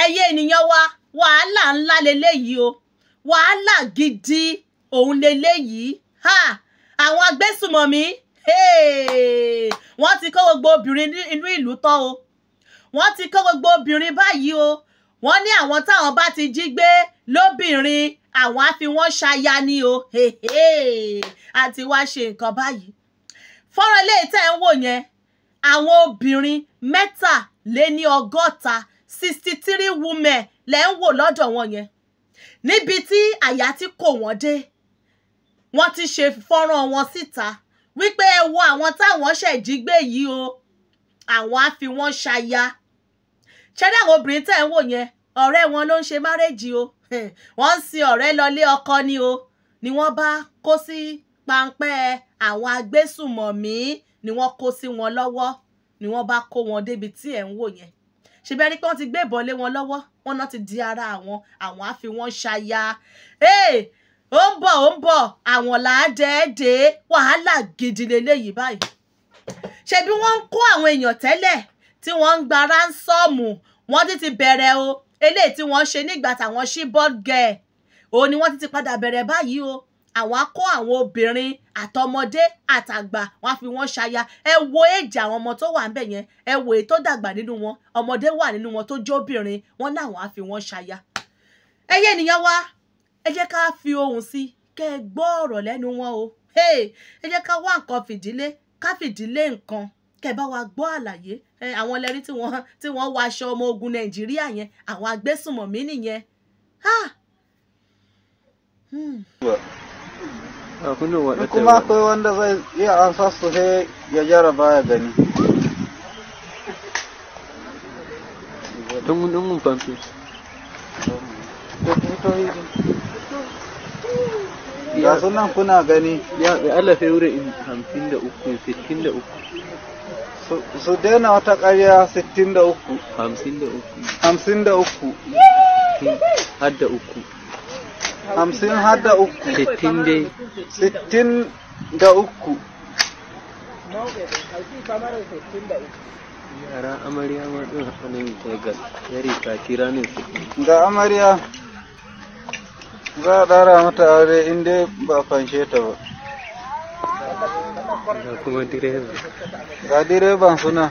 ẹyẹ ènìyàn wa wàhálà ńlá leléyìí o wàhálà gidi òun leléyìí ha àwọn agbésùmọ̀mí wọ́n ti kó gbogbo obìnrin inú ìlú tọ́ o wọ́n ti kó gbogbo obìnrin báyìí o wọ́n ní àwọn táwọn bá ti jí gbé lóbìnrin àwọn á fi wọ́n ṣaya ni o àti wá ṣe nǹkan báyìí fọ́nrán ilé tẹ́ ń wò yẹn àwọn obìnrin mẹ́tàléní ọgọ́ta sixty three women lẹ́ ń wò lọ́dọ̀ wọn yẹn níbi tí àyà ti kò wọ́n dé wọ́n ti ṣe fọ́nrán wọn síta wípé ẹ wo àwọn táwọn ṣẹ̀jí gbé yìí o àwọn á fi wọ́n ṣaya ṣẹ́dá àwọn obìnrin tẹ̀ ń wò yẹn ọ̀rẹ́ wọn ló ń ṣe márẹ́jì o wọ́n ń sin ọ̀rẹ́ lọlé ọkọ ni o ni wọ́n bá kó sí páńpẹ́ àwọn agbésùnmọ̀mí ni wọ́n kó sí wọn lọ́wọ́ ni wọ́n bá kó wọn débi tí ẹ̀ ń wò yẹn ṣe bẹ́ẹ̀ ni pé wọ́n ti gbé ìbọn lé wọn lọ́wọ́ wọn náà ti di ara àwọn àwọn á fi wọ́n ṣaya ó ń bọ̀ ó ń bọ̀ àwọn làádẹ́ẹ́dẹ́ wàhálà gidi lélẹ́yìí báyìí ṣebí wọ́n ń kó àwọn èèyàn tẹ́lẹ̀ tí wọ́n ń gba ránsọ́ọ̀mù wọ́n ti ti bẹ̀rẹ̀ o eléyìí tí wọ́n ṣe nígbà táwọn ṣí bọ́ọ̀gẹ̀ òun ni wọ́n ti ti padà bẹ̀rẹ̀ báyìí o àwọn á kó àwọn obìnrin àtọmọdé àtàgbà wọn á fi wọn ṣaya ẹ wo èjì àwọn ọmọ tó wà ń bẹ yẹn ẹ wo èyí tó dàgbà nínú wọn ọmọdé wà nínú wọn tó jóbìnrin wọn náà wọn á fi wọn ṣaya. ẹyẹ ènìyàn wa ẹ jẹ́ ká fi ohùn sí kẹ́ ẹ gbọ́ ọ̀rọ̀ lẹ́nu wọn o ẹ jẹ́ ká wá nǹkan fìdílé ká fìdílé nǹkan kẹ́ ẹ bá wa gbọ́ àlàyé àwọn ẹlẹ́rìí tí wọ́n tí wọ́n wọ aṣọ ọmọ ogun nàìjíríà yẹn àwọn agbésùnmọ̀mí nìyẹn. Ah, kuma akwai wanda zai iya ansa su sai ya jaraba ya gani tun mun mun ya sunan kuna gani ya bi wurin hamsin da uku sittin da uku su daina wata ƙarya sittin da uku hamsin da uku hamsin da uku har da uku hamsin har da uku sittin dai sittin da uku yara amarya ma ɗin hannun tegas yari kati ranar Da amarya za a ɗara mata aure in dai ba fanshe ta ba ga kuma direba ga direban suna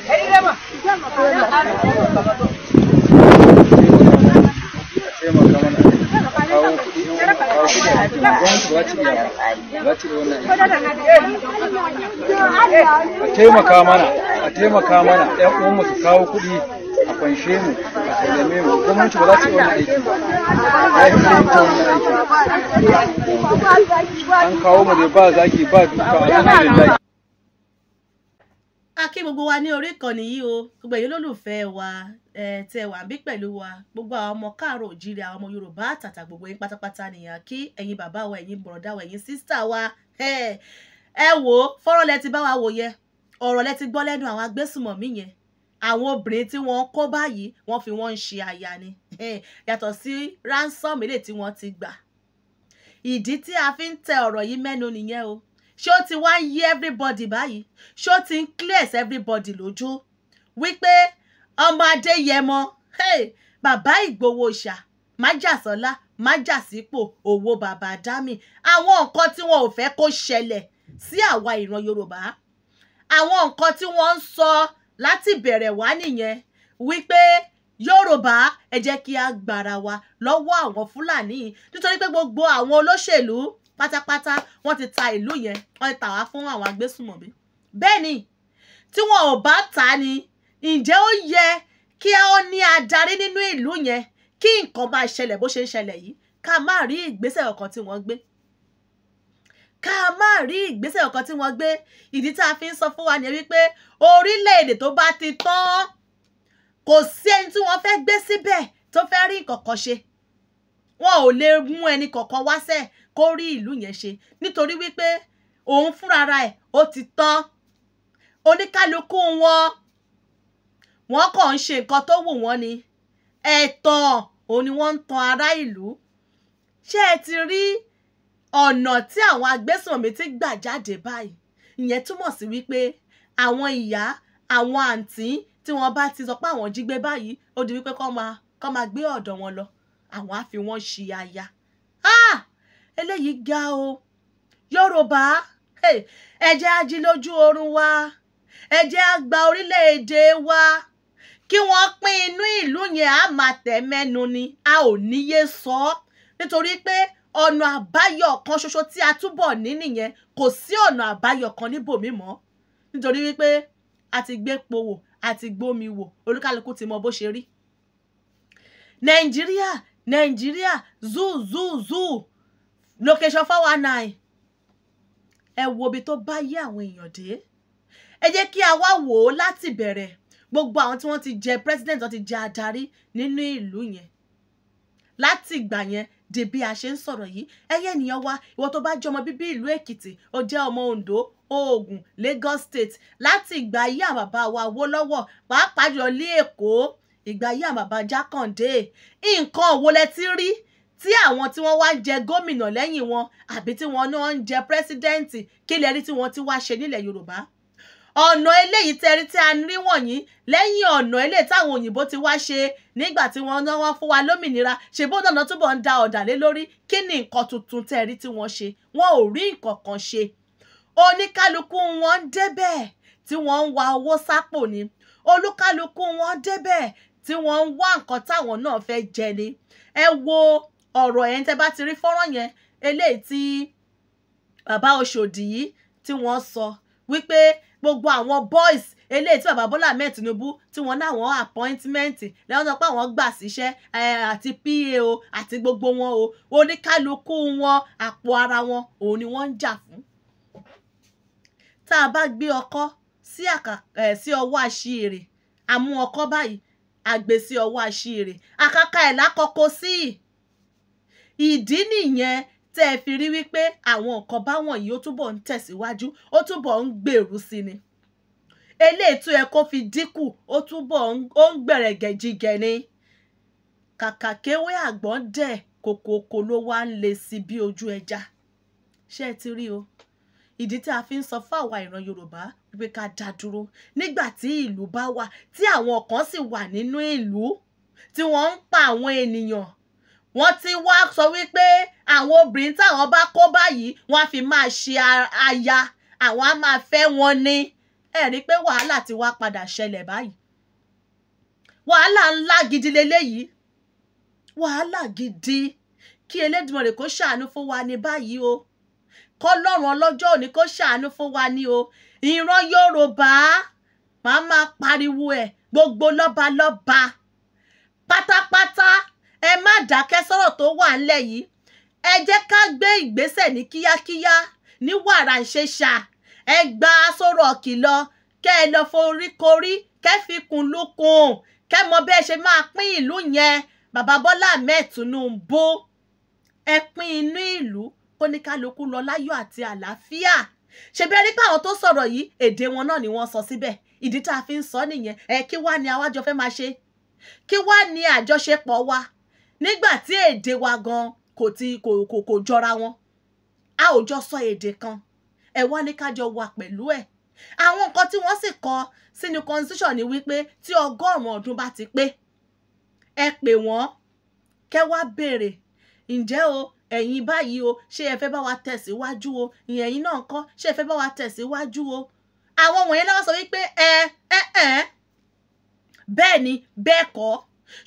a taimaka mana a taimaka mana ɗan uwan su kawo kuɗi a kwanshe mu a sallame mu gwamnati ba za ta yi wannan aiki ba ya yi ta wani aiki an kawo mu da ba zaki ba duka a alhamdulillah a kí gbogbo wa ní orí ìkànnì yìí o gbogbo èyí lólùfẹ́ wa ẹ tẹ wà bí pẹ̀lú wa gbogbo àwọn ọmọ káàrọ̀ òjíire àwọn ọmọ Yorùbá àtàtà gbogbo yín pátápátá nìyà kí ẹ̀yin bàbá wa ẹ̀yin bọ̀rọ̀dá wa ẹ̀yin sísítà wa ẹ wò ó fọ́rọ̀ lẹ ti bá wa wò yẹ ọ̀rọ̀ lẹ ti gbọ́ lẹ́nu àwọn agbésùmọ̀mí yẹn àwọn obìnrin tí wọ́n kó báyìí wọ́n fi wọ́n ń ṣe aya ni yàtọ̀ sí ransom èlé tí wọ́n ti gbà ìdí tí a fi ṣó ti wá ń yí everybody báyìí ṣó ti ń clears everybody lójú wípé ọmọ adéyẹmọ hey, bàbá ìgbòho ṣá májàsọlá májàsípò owó bàbá dámì àwọn nǹkan tí wọn ò fẹ́ kó ṣẹlẹ̀ sí àwa ìran yorùbá àwọn nǹkan tí wọ́n ń sọ láti bẹ̀rẹ̀ wá nìyẹn wípé yorùbá ẹ jẹ́ kí a gbára wa lọ́wọ́ àwọn fúlàní nítorí pé gbogbo àwọn olóṣèlú pátápátá wọ́n ti ta ìlú yẹn wọ́n ti tà wá fún àwọn agbésùmọ̀bí bẹ́ẹ̀ ni tí wọn ò bá ta ni ǹjẹ́ ó yẹ kí ó ní adarí nínú ìlú yẹn kí nǹkan máa ṣẹlẹ̀ bó ṣe ń ṣẹlẹ̀ yìí ká má rí ìgbésẹ̀ ọ̀kan tí wọ́n gbé ká má rí ìgbésẹ̀ ọ̀kan tí wọ́n gbé ìdí tá a fi ń sọ fún wa nìyẹn wípé orílẹ̀-èdè tó bá ti tán kò sí ẹni tí wọ́n fẹ́ gbé síbẹ̀ tó fẹ́ rí nǹkan kan ṣe wọn ò lè mú ẹni kọ̀ọ̀kan wá sẹ́ẹ̀ kó rí ìlú yẹn ṣe nítorí wípé òun fúnra ẹ̀ ó ti tán oníkálukú wọn wọn kàn ń ṣe nǹkan tó wù wọ́n ni ẹ̀tàn òun ni wọ́n ń tan ará ìlú ṣé ẹ ti rí ọ̀nà tí àwọn agbésùnmí ti gbà jáde báyìí ìyẹn túmọ̀ sí wípé àwọn ìyá àwọn àǹtí tí wọ́n bá ti sọ pé àwọn jí gbé báyìí ó di wípé kọ́ máa kọ́ máa gbé ọ̀dọ̀ wọn lọ àwọn á fi wọ́n ṣe aya. Ah! eléyìí ga o yorùbá ẹ jẹ́ ají lójú oorun wa ẹ jẹ́ á gba orílẹ̀-èdè wa kí wọ́n pín inú ìlú yẹn á máa tẹ̀ mẹ́nu ni a ò níyé sọ ọ́ nítorí pé ọ̀nà àbáyọ kan ṣoṣo tí a túbọ̀ ní nìyẹn kò sí ọ̀nà àbáyọ kan níbòmí mọ́ nítorí wípé a ti gbé po a ti gbómi wò olúkálukú ti mọ bó ṣe rí nàìjíríà nàìjíríà zoo zoo zoo location four one nine ẹ wo ibi tó bá yé àwọn èèyàn dé ẹ jẹ́ kí a wá wò ó láti bẹ̀rẹ̀ gbogbo àwọn tí wọ́n ti jẹ president wọ́n ti jẹ adarí nínú ìlú yẹn láti ìgbà yẹn dé bí a ṣe ń sọ̀rọ̀ yìí ẹyẹ ènìyàn wa ìwọ tó bá jẹ́ ọmọ bíbí ìlú èkìtì ó jẹ́ ọmọ ondo ogun lagos state láti ìgbà ayé àwọn bàbá wa wó lọ́wọ́ pàápàá jùlọ ní èkó ìgbà ayé àwọn bàbá jákàndé nǹkan òwò lẹ ti rí tí àwọn tí wọ́n wá ń jẹ gómìnà lẹ́yìn wọn àbí tí wọ́n náà ń jẹ pírẹ́sídẹ́ǹtì kí lẹ́rí tí wọ́n ti wá ṣe nílẹ̀ Yorùbá ọ̀nà eléyìí tẹ́rí tí a rí wọ̀nyí lẹ́yìn ọ̀nà eléyìí táwọn òyìnbó ti wá ṣe nígbà tí wọ́n náà wọ́n fún wa lómìnira ṣe bó dànà túbọ̀ ń da ọ̀dà lé lórí kí ni nǹkan tuntun tẹ́rí tí wọ́n ṣe wọn ò rí nǹkan kan ṣe oníkálukú wọn ń débẹ̀ tí wọ́n ń wa owó sápò ni olúkálukú wọn ń débẹ̀ tí wọ́n ń wá nǹkan táwọn náà fẹ́ jẹ ni ẹ wo ọ̀rọ̀ ẹ̀yìn tẹ́ bá ti rí fọ́nrán yẹn eléyìí tí bàbá Ọ̀ṣọ́dì yìí tí wọ́n sọ wípé gbogbo àwọn boys eléyìí tí bàbá Bọ́lá Ahmed Tinubu tí wọ́n náwọn àpọ́ìntmẹ́ǹtì lẹ́wọ́n sọ pé àwọn gbà síṣẹ́ àti PA o àti gbogbo wọn o oníkálukú wọn àpò ara wọn òun ni wọ́n ń jà fún. tá a bá gbé ọkọ́ sí ọwọ́ àṣírí àmú ọkọ́ báyìí àgbè sí ọwọ́ àṣírí àkàkà ẹ̀ lákọ̀ọ́kọ́ sí i ìdí nìyẹn tẹ́ ẹ fi rí wípé àwọn nǹkan báwọn yìí ó túbọ̀ ń tẹ̀síwájú ó túbọ̀ ń gbèrú sí ni eléyìí tó yẹ kó fi dínkù ó túbọ̀ ó ń gbẹ̀rẹ̀gẹ̀ jíjẹ ni kàkà kéwé àgbọ̀n dẹ̀ kòkòkò ló wá ń le sí bí ojú ẹja ṣé ẹ ti rí o ìdí tí a fi ń sọ fáwa ìran yorùbá wípé ká dá dúró nígbà tí ìlú bá wà tí àwọn kan sì wà nínú ìlú tí wọ́n ń pa àwọn ènìyàn wọ́n ti wá sọ wípé àwọn obìnrin táwọn bá kó báyìí wọ́n á fi máa ṣe aya àwọn á máa fẹ́ wọn ni ẹ rí i pé wàhálà ti wá padà ṣẹlẹ̀ báyìí wàhálà ńlá gidi leléyìí wàhálà gidi kí Elédùmarè kó ṣàánú fún wa ní báyìí o kọlọ́run ọlọ́jọ́ òní kó ṣàánú fún wa ní o ìran Yorùbá màá máa pariwo ẹ̀ gbogbo lọ́balọ́ba pátápátá ẹ má dákẹ́ sọ̀rọ̀ tó wà ńlẹ̀ yìí ẹ jẹ́ ká gbé ìgbésẹ̀ ní kíákíá ní wàrà ìṣeṣà ẹ gba sọ̀rọ̀ kìlọ̀ kẹ́ ẹ lọ forí korí kẹ́ fi kùn lukùn kẹ́ mọ bẹ́ẹ̀ ṣe máa pín ìlú yẹn bàbá Bọ́lá Ahmed Tinubu ẹ pín inú ìlú kóníkálukú lọ láyọ̀ àti àlàáfíà ṣebí ẹ rí pé àwọn tó sọ̀rọ̀ yìí èdè wọn náà ni wọ́n sọ síbẹ̀ ìdí tá a fi ń sọ nìyẹn ẹ kí wá ni àwájọ fẹ́ máa ṣe kí wá ni àjọṣepọ̀ wa nígbà tí èdè wa gan kò ti kò kò kò jọra wọn a ò jọ sọ èdè kan ẹ wá ní ká jọ wà pẹ̀lú ẹ̀ àwọn nǹkan tí wọ́n sì kọ sínú constitution ni wípé tí ọgọ́rùn-ún ọdún bá ti pé ẹ pè wọ́n kẹ́ wá béèrè ǹjẹ́ o ẹ̀yin báyìí o ṣé ẹ fẹ́ bá wa tẹ̀síwájú o ìyẹn ẹ̀yin náà kọ́ ṣé ẹ fẹ́ bá wa tẹ̀síwájú o àwọn wọ̀nyẹn lọ́wọ́ sọ wípé ẹ ẹ ẹ bẹ́ẹ̀ ni bẹ́ẹ̀ kọ́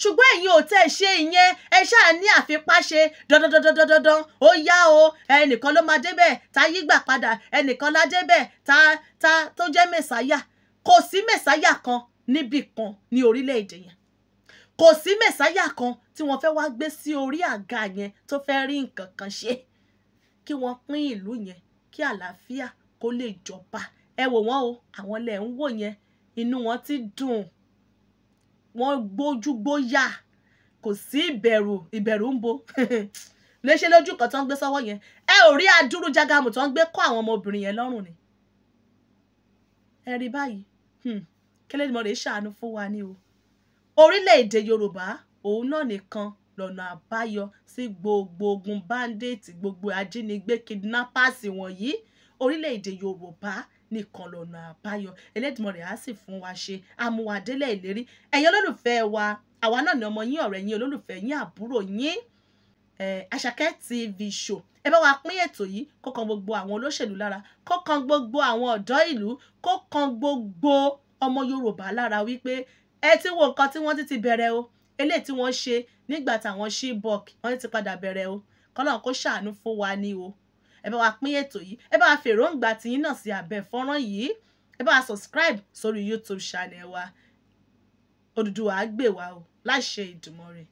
ṣùgbọ́n ẹ̀yin ò tẹ́ ẹ ṣe ìyẹn ẹ ṣáà ní àfipáṣe dandandandandandan ó yá o ẹnìkan ló máa débẹ̀ tá yí gbà padà ẹnìkan lá débẹ̀ tá tá tó jẹ́ mẹ̀sáyà kò sí mẹ̀sáyà kan níbì kan ní orílẹ̀-èdè yẹn kò sí mẹ̀sáyà kan tí wọ́n fẹ́ wá gbé sí orí àga yẹn tó fẹ́ rí nǹkan kan ṣe kí wọ́n pín ìlú yẹn kí àlàáfíà kó lè jọba ẹ wò wọ́n o àwọn lẹ̀ ń wò yẹn inú wọn ti dùn wọ́n gbójú gbóyà kò sí ìbẹ̀rù ìbẹ̀rù ń bo léṣe lójú kan tó ń gbé sọ́wọ́ yẹn ẹ ò rí adúrú jágàmù tó ń gbé kọ́ àwọn ọmọbìnrin yẹn lọ́rùn ni ẹ rí báyìí kílẹ̀ ni mo rè é ṣàánú fún wa ni o orílẹ̀-èdè Yorùbá òun náà nìkan lọ́nà àbáyọ sí gbogbo ogun bandits gbogbo ajínigbé kidnappers wọ̀nyí orílẹ̀-èdè Yorùbá nìkan lọ́nà àbáyọ Elédùmarè á sì fún wa ṣe àmúwádélé ìlérí ẹ̀yin olólùfẹ́ wa àwa náà ni ọmọ yín ọ̀rẹ́ yín olólùfẹ́ yín àbúrò yín Àṣàkẹ́ TV show ẹ bá wa pín ètò yìí kó kan gbogbo àwọn olóṣèlú lára kó kan gbogbo àwọn ọ̀dọ́ ìlú kó kan gbogbo ọmọ Yorùbá lára wípé ẹ ti wo nǹkan tí wọ́n ti ti bẹ̀rẹ̀ o eléyìí tí wọ́n ṣe nígbà táwọn ṣí wọ́n ti padà bẹ̀rẹ̀ o kọ́lọ́n kó ṣàánú fún wa ní o ẹ bá wa pín ètò yìí ẹ bá wa fèròǹgbà tìyín náà sí abẹ́ fọ́nrán yìí ẹ bá wa subscribe sórí YouTube channel wa Odùduwà á gbè wá o láṣẹ Ìdùmarè.